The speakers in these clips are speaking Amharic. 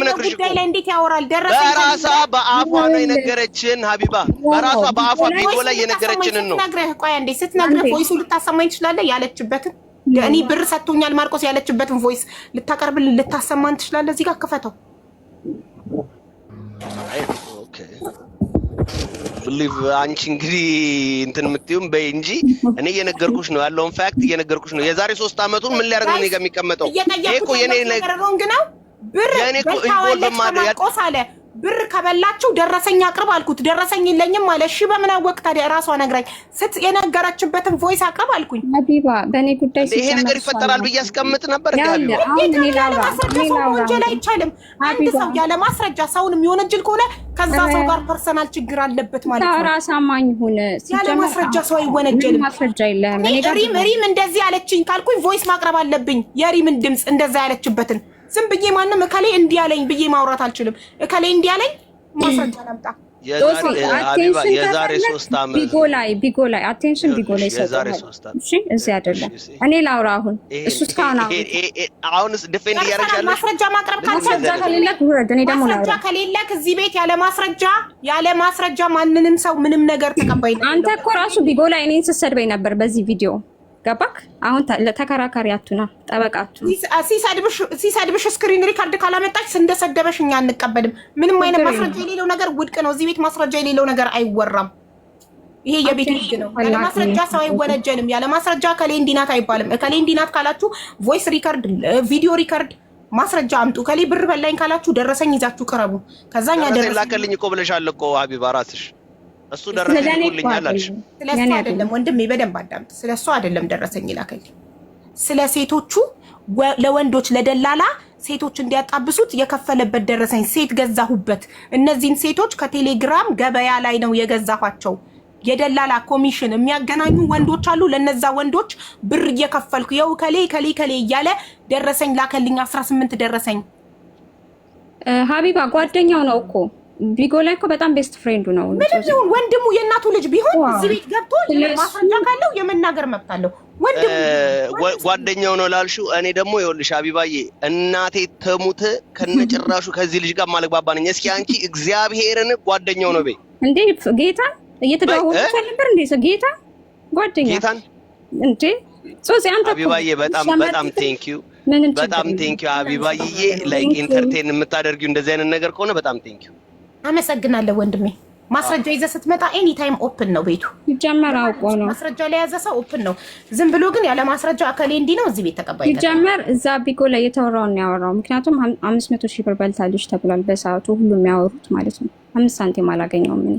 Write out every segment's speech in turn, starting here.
ጉዳይ ላይ እንዴት ያወራል? ደረሰኝ በራሷ በአፏ ነው የነገረችን። ሀቢባ በራሷ በአፏ ቢጎ ላይ የነገረችንን ነው። ቆይ አንዴ ስትነግረህ ቮይሱን ልታሰማኝ ትችላለህ? ያለችበትን እኔ ብር ሰጥቶኛል ማርቆስ ያለችበትን ቮይስ ልታቀርብልን ልታሰማን ትችላለህ? እዚህ ጋር ክፈተው። ብሊቭ አንቺ እንግዲህ እንትን የምትይውም በይ እንጂ እኔ እየነገርኩሽ ነው ያለውን ፋክት እየነገርኩሽ ነው። የዛሬ ሶስት አመቱን ምን ሊያደርግ ነው እኔ ጋር የሚቀመጠው? ይሄ እኮ የኔ ነው ብር ቆስ ብር ከበላችሁ ደረሰኝ አቅርብ አልኩት። ደረሰኝ የለኝም አለ። እሺ በምን አወቅ ታዲያ? ራሷ ነግራኝ ስት የነገረችበትን ቮይስ አቅርብ አልኩኝ። ሀቢባ በእኔ ጉዳይ ይሄ ነገር ይፈጠራል ብዬ አስቀምጥ ነበር። ያለማስረጃ ሰው ወንጀል አይቻልም። አንድ ሰው ያለማስረጃ ሰውን የሚወነጅል ከሆነ ከዛ ሰው ጋር ፐርሰናል ችግር አለበት ማለት ነው። ራስ አማኝ ሁን። ያለማስረጃ ሰው አይወነጀልም። ማስረጃ የለም። ሪም ሪም እንደዚህ ያለችኝ ካልኩኝ ቮይስ ማቅረብ አለብኝ። የሪምን ድምፅ እንደዛ ያለችበትን ዝም ብዬ ማንም እከሌ እንዲያለኝ ብዬ ማውራት አልችልም። እከሌ እንዲህ አለኝ ማስረጃ አቴንሽን ቢጎ ላይ እዚህ አይደለም እኔ ላውራ። አሁን እሱ እስካሁን ማስረጃ ማቅረብ ማስረጃ ከሌለክ እዚህ ቤት ያለ ማስረጃ ያለ ማስረጃ ማንንም ሰው ምንም ነገር ተቀባይ አንተ እኮ ራሱ ቢጎ ላይ እኔን ስትሰድበኝ ነበር በዚህ ቪዲዮ ገባክ? አሁን ተከራካሪያቱና ጠበቃቱ ሲሰድብሽ ስክሪን ሪካርድ ካላመጣች እንደሰደበሽ እኛ አንቀበልም። ምንም አይነት ማስረጃ የሌለው ነገር ውድቅ ነው። እዚህ ቤት ማስረጃ የሌለው ነገር አይወራም። ይሄ የቤት ህግ ነው። ያለ ማስረጃ ሰው አይወነጀልም። ያለ ማስረጃ ከሌ እንዲናት አይባልም። ከሌ እንዲናት ካላችሁ ቮይስ ሪከርድ፣ ቪዲዮ ሪከርድ ማስረጃ አምጡ። ከሌ ብር በላኝ ካላችሁ ደረሰኝ ይዛችሁ ቅረቡ። ከዛኛ ደረሰኝ ላከልኝ እኮ ብለሻል እኮ ሀቢባ ራስሽ እሱ ደረሰኝ ይልኩልኛል አልሽ። ስለሱ አይደለም ወንድሜ፣ በደንብ አዳምጥ። ስለሱ አይደለም ደረሰኝ ይላከኝ፣ ስለ ሴቶቹ ለወንዶች ለደላላ ሴቶች እንዲያጣብሱት የከፈለበት ደረሰኝ። ሴት ገዛሁበት፣ እነዚህን ሴቶች ከቴሌግራም ገበያ ላይ ነው የገዛኋቸው። የደላላ ኮሚሽን የሚያገናኙ ወንዶች አሉ። ለነዛ ወንዶች ብር እየከፈልኩ የው ከሌ ከሌ ከሌ እያለ ደረሰኝ ላከልኝ። 18 ደረሰኝ ሀቢባ ጓደኛው ነው እኮ ቢጎ ላይ እኮ በጣም ቤስት ፍሬንዱ ነው። ምንም ይሁን ወንድሙ የእናቱ ልጅ ቢሆን እዚህ ቤት ገብቶ ማስረጃ ካለው የመናገር መብት አለው። ወንድሙ ጓደኛው ነው ላልሽው፣ እኔ ደግሞ ይኸውልሽ አቢባዬ እናቴ ተሙት ከነጭራሹ ከዚህ ልጅ ጋር ማለግባባ ነኝ። እስኪ አንቺ እግዚአብሔርን ጓደኛው ነው በይ እንዴ! ጌታ እየተደዋወሉ ነበር እንዴ? ጌታ ጓደኛ ጌታን እንዴ! ሶስ አንተ አቢባዬ በጣም በጣም ቴንክ ዩ በጣም ቴንክ ዩ አቢባዬ ላይክ ኢንተርቴን የምታደርጊው እንደዚህ አይነት ነገር ከሆነ በጣም ቴንክ ዩ አመሰግናለሁ ወንድሜ። ማስረጃ ይዘህ ስትመጣ ኤኒ ታይም ኦፕን ነው ቤቱ። ይጀመር አውቆ ነው ማስረጃ ላይ የያዘ ሰው ኦፕን ነው። ዝም ብሎ ግን ያለ ማስረጃ አካሌ እንዲህ ነው እዚህ ቤት ተቀባይ ይጀመር። እዛ ቢጎ ላይ የተወራውን ያወራው ምክንያቱም አምስት መቶ ሺህ ብር በልታለች ተብሏል። በሰዓቱ ሁሉ የሚያወሩት ማለት ነው። አምስት ሳንቲም አላገኘውም እኔ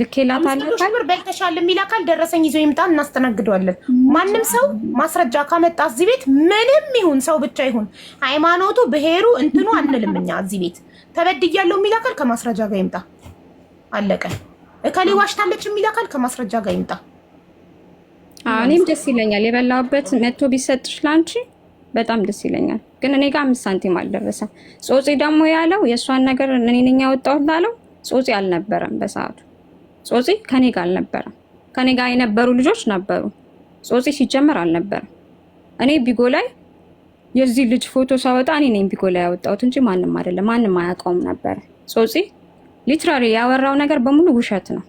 ልኬላታለሁ። ብር በልተሻል የሚል አካል ደረሰኝ ይዞ ይምጣ፣ እናስተናግደዋለን። ማንም ሰው ማስረጃ ካመጣ እዚህ ቤት ምንም ይሁን ሰው ብቻ ይሁን ሃይማኖቱ፣ ብሄሩ እንትኑ አንልም እኛ እዚህ ቤት። ተበድያለሁ የሚል አካል ከማስረጃ ጋር ይምጣ፣ አለቀ። እከሌ ዋሽታለች የሚል አካል ከማስረጃ ጋር ይምጣ። እኔም ደስ ይለኛል የበላሁበት መቶ ቢሰጥሽ በጣም ደስ ይለኛል። ግን እኔ ጋር አምስት ሳንቲም አልደረሰም። ደግሞ ያለው የእሷን ነገር ያወጣሁት ላለው አልነበረም በሰዓቱ ጾጺ ከኔ ጋር አልነበረም። ከኔ ጋር የነበሩ ልጆች ነበሩ። ጾጺ ሲጀመር አልነበረም። እኔ ቢጎ ላይ የዚህ ልጅ ፎቶ ሳወጣ እኔ ነኝ ቢጎ ላይ ያወጣሁት እንጂ ማንም አይደለም። ማንም አያውቀውም ነበር? ጾጺ ሊትራሪ ያወራው ነገር በሙሉ ውሸት ነው።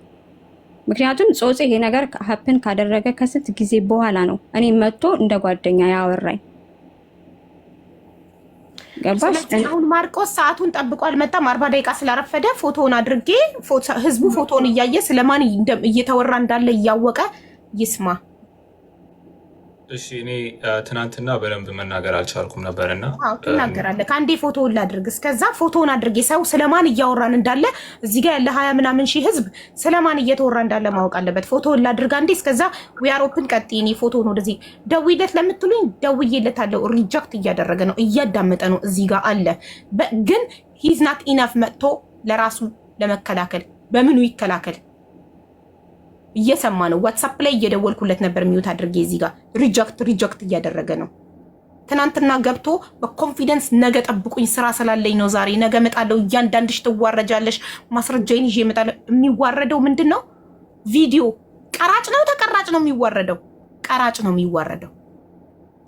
ምክንያቱም ጾጺ ይሄ ነገር ሀፕን ካደረገ ከስንት ጊዜ በኋላ ነው እኔ መጥቶ እንደ ጓደኛ ያወራኝ። ስለዚህ ማርቆስ ሰዓቱን ጠብቆ አልመጣም። አርባ ደቂቃ ስላረፈደ ፎቶውን አድርጌ ህዝቡ ፎቶውን እያየ ስለማን እየተወራ እንዳለ እያወቀ ይስማ። እሺ እኔ ትናንትና በደንብ መናገር አልቻልኩም ነበር እና ትናገራለህ። ከአንዴ ፎቶ ላድርግ እስከዛ ፎቶውን አድርጌ ሰው ስለማን እያወራን እንዳለ እዚህ ጋር ያለ ሀያ ምናምን ሺህ ህዝብ ስለማን እየተወራ እንዳለ ማወቅ አለበት። ፎቶውን ላድርግ አንዴ እስከዛ ዊያሮፕን ቀጥ እኔ ፎቶውን ወደዚህ ደውይለት ለምትሉኝ ደውዬለታለሁ። ሪጀክት እያደረገ ነው፣ እያዳመጠ ነው። እዚህ ጋር አለ ግን ሂዝ ናት ኢናፍ መጥቶ ለራሱ ለመከላከል በምኑ ይከላከል? እየሰማ ነው። ዋትሳፕ ላይ እየደወልኩለት ነበር ሚዩት አድርጌ እዚህ ጋር ሪጀክት ሪጀክት እያደረገ ነው። ትናንትና ገብቶ በኮንፊደንስ ነገ ጠብቁኝ ስራ ስላለኝ ነው ዛሬ ነገ እመጣለሁ፣ እያንዳንድሽ ትዋረጃለሽ፣ ማስረጃዬን ይዤ እመጣለሁ። የሚዋረደው ምንድን ነው? ቪዲዮ ቀራጭ ነው ተቀራጭ ነው የሚዋረደው? ቀራጭ ነው የሚዋረደው።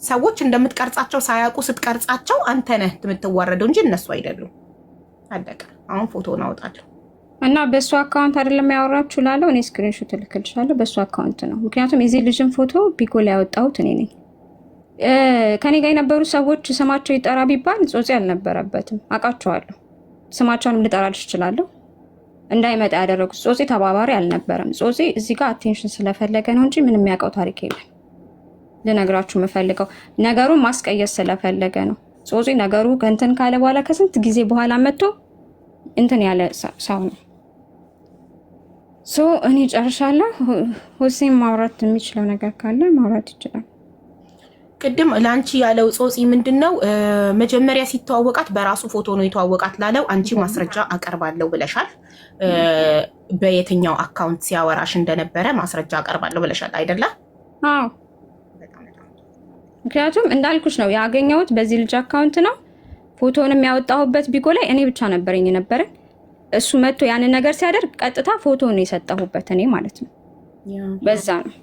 ሰዎች እንደምትቀርጻቸው ሳያውቁ ስትቀርጻቸው አንተ ነህ የምትዋረደው እንጂ እነሱ አይደሉም። አለቀ። አሁን ፎቶን አወጣለሁ። እና በእሱ አካውንት አይደለም ያወራችሁ ላለው እኔ ስክሪንሾት እልክልሻለሁ። በእሱ አካውንት ነው። ምክንያቱም የዚህ ልጅን ፎቶ ቢጎላ ያወጣሁት እኔ ነኝ። ከኔ ጋር የነበሩ ሰዎች ስማቸው ይጠራ ቢባል ጾጽ አልነበረበትም። አውቃቸዋለሁ። ስማቸውንም ልጠራልሽ እችላለሁ። እንዳይመጣ ያደረጉት ጾጽ ተባባሪ አልነበረም። ጾጽ እዚህ ጋር አቴንሽን ስለፈለገ ነው እንጂ ምንም የሚያውቀው ታሪክ የለም። ልነግራችሁ የምፈልገው ነገሩን ማስቀየስ ስለፈለገ ነው። ጾጽ ነገሩ ከእንትን ካለ በኋላ ከስንት ጊዜ በኋላ መጥቶ እንትን ያለ ሰው ነው። ሶ እኔ ጨርሻለሁ። ሁሴን ማውራት የሚችለው ነገር ካለ ማውራት ይችላል። ቅድም ለአንቺ ያለው ጾፂ ምንድን ነው? መጀመሪያ ሲተዋወቃት በራሱ ፎቶ ነው የተዋወቃት ላለው አንቺ ማስረጃ አቀርባለሁ ብለሻል። በየትኛው አካውንት ሲያወራሽ እንደነበረ ማስረጃ አቀርባለሁ ብለሻል አይደለ? አዎ። ምክንያቱም እንዳልኩሽ ነው ያገኘሁት በዚህ ልጅ አካውንት ነው። ፎቶንም ያወጣሁበት ቢጎ ላይ እኔ ብቻ ነበረኝ ነበረኝ እሱ መጥቶ ያንን ነገር ሲያደርግ ቀጥታ ፎቶ ነው የሰጠሁበት እኔ ማለት ነው። በዛ ነው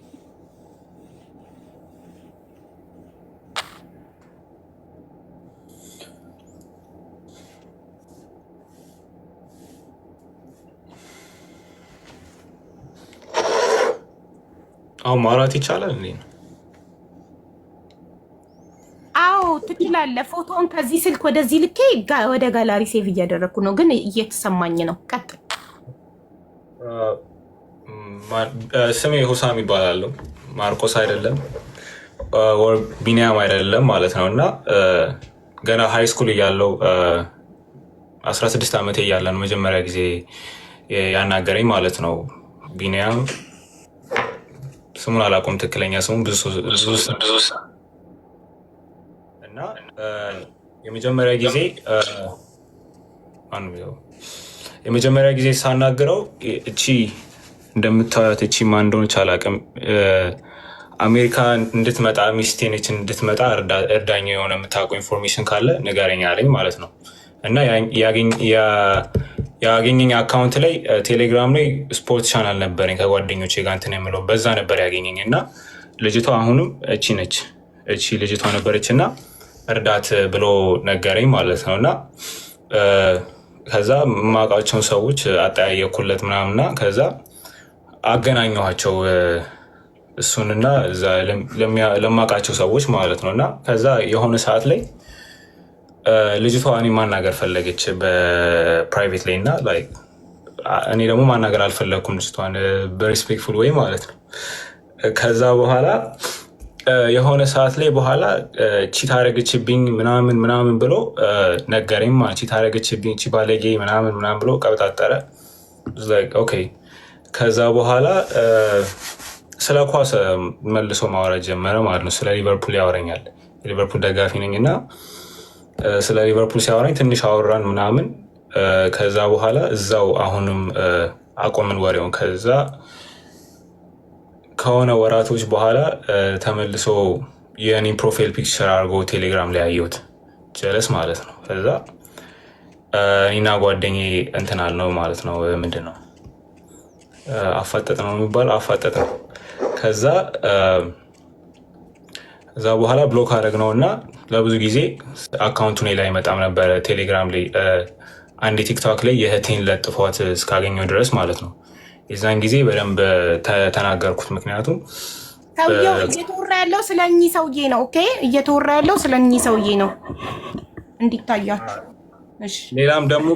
አሁን ማውራት ይቻላል እንዴ ነው አለ። ፎቶውን ከዚህ ስልክ ወደዚህ ልኬ ወደ ጋላሪ ሴቭ እያደረግኩ ነው፣ ግን እየተሰማኝ ነው። ቀጥ ስሜ ሁሳም ይባላሉ። ማርቆስ አይደለም ቢኒያም አይደለም ማለት ነው። እና ገና ሀይ ስኩል እያለው 16 ዓመቴ እያለ ነው መጀመሪያ ጊዜ ያናገረኝ ማለት ነው። ቢኒያም ስሙን አላውቅም፣ ትክክለኛ ስሙን ብዙ እና የመጀመሪያ ጊዜ የመጀመሪያ ጊዜ ሳናግረው እቺ እንደምታዩት እቺ ማን እንደሆነች አላውቅም። አሜሪካ እንድትመጣ ሚስቴ ነች እንድትመጣ እርዳኛ የሆነ የምታውቀው ኢንፎርሜሽን ካለ ንገረኝ አለኝ ማለት ነው። እና ያገኘኝ አካውንት ላይ ቴሌግራም ላይ ስፖርት ቻናል ነበረኝ ከጓደኞች ጋር እንትን የምለው በዛ ነበር ያገኘኝ። እና ልጅቷ አሁንም እቺ ነች እቺ ልጅቷ ነበረች እና እርዳት ብሎ ነገረኝ ማለት ነው እና ከዛ የማውቃቸውን ሰዎች አጠያየኩለት ምናምና ከዛ አገናኘኋቸው እሱንና ለማውቃቸው ሰዎች ማለት ነው እና ከዛ የሆነ ሰዓት ላይ ልጅቷ እኔ ማናገር ፈለገች በፕራይቬት ላይ እና እኔ ደግሞ ማናገር አልፈለግኩም ልጅቷን በሪስፔክትፉል ወይ ማለት ነው ከዛ በኋላ የሆነ ሰዓት ላይ በኋላ ቺት አረገችብኝ ምናምን ምናምን ብሎ ነገረኝ። ቺት አረገችብኝ ቺ ባለጌ ምናምን ምናምን ብሎ ቀብጣጠረ። ኦኬ ከዛ በኋላ ስለ ኳስ መልሶ ማውራት ጀመረ ማለት ነው። ስለ ሊቨርፑል ያወረኛል። ሊቨርፑል ደጋፊ ነኝ እና ስለ ሊቨርፑል ሲያወራኝ ትንሽ አወራን ምናምን። ከዛ በኋላ እዛው አሁንም አቆምን ወሬውን ከዛ ከሆነ ወራቶች በኋላ ተመልሶ የኔ ፕሮፋይል ፒክቸር አድርጎ ቴሌግራም ላይ አየሁት። ጀለስ ማለት ነው። ከዛ እኔና ጓደኛ እንትን አልነው ማለት ነው። ምንድን ነው አፋጠጥ ነው የሚባል አፋጠጥ ነው። ከዛ እዛ በኋላ ብሎክ አደረግ ነው እና ለብዙ ጊዜ አካውንቱ ላይ አይመጣም ነበረ ቴሌግራም ላይ አንድ ቲክቶክ ላይ የእህቴን ለጥፏት እስካገኘው ድረስ ማለት ነው የዛን ጊዜ በደንብ ተናገርኩት። ምክንያቱም ሰውየው እየተወራ ያለው ስለ እኚህ ሰውዬ ነው። ኦኬ፣ እየተወራ ያለው ስለ እኚህ ሰውዬ ነው እንዲታያችሁ። ሌላም ደግሞ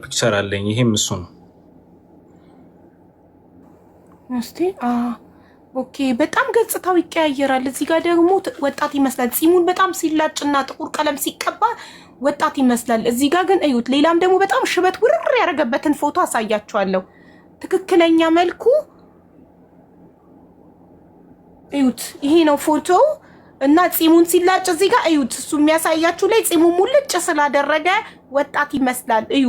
ፒክቸር አለኝ። ይሄም እሱ ነው። እስቲ ኦኬ። በጣም ገጽታው ይቀያየራል። እዚህ ጋር ደግሞ ወጣት ይመስላል። ጺሙን በጣም ሲላጭ እና ጥቁር ቀለም ሲቀባ ወጣት ይመስላል። እዚህ ጋር ግን እዩት። ሌላም ደግሞ በጣም ሽበት ውርር ያደረገበትን ፎቶ አሳያችኋለሁ። ትክክለኛ መልኩ እዩት። ይሄ ነው ፎቶ እና ፂሙን ሲላጭ እዚህ ጋር እዩት። እሱ የሚያሳያችሁ ላይ ፂሙ ሙልጭ ስላደረገ ወጣት ይመስላል። እዩ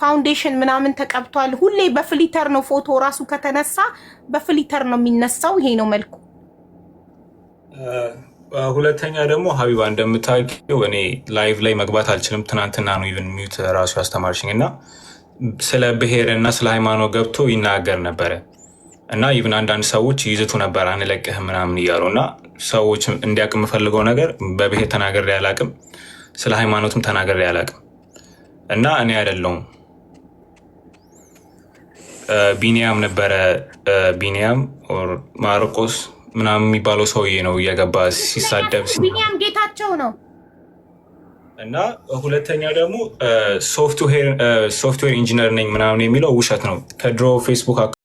ፋውንዴሽን ምናምን ተቀብቷል። ሁሌ በፍሊተር ነው ፎቶ ራሱ ከተነሳ በፍሊተር ነው የሚነሳው። ይሄ ነው መልኩ። ሁለተኛ ደግሞ ሀቢባ እንደምታውቂው እኔ ላይቭ ላይ መግባት አልችልም። ትናንትና ነው ኢቨን ሚዩት ራሱ ያስተማርሽኝ እና ስለ ብሔር እና ስለ ሃይማኖት ገብቶ ይናገር ነበረ እና ይብን አንዳንድ ሰዎች ይዝቱ ነበር አንለቅህ ምናምን እያሉ እና ሰዎች እንዲያውቅ የምፈልገው ነገር በብሔር ተናገር አላቅም፣ ስለ ሃይማኖትም ተናገር አላቅም እና እኔ አይደለውም ቢኒያም ነበረ ቢኒያም ማርቆስ ምናምን የሚባለው ሰውዬ ነው እየገባ ሲሳደብ ቢኒያም ጌታቸው ነው። እና ሁለተኛ ደግሞ ሶፍትዌር ኢንጂነር ነኝ ምናምን የሚለው ውሸት ነው። ከድሮ ፌስቡክ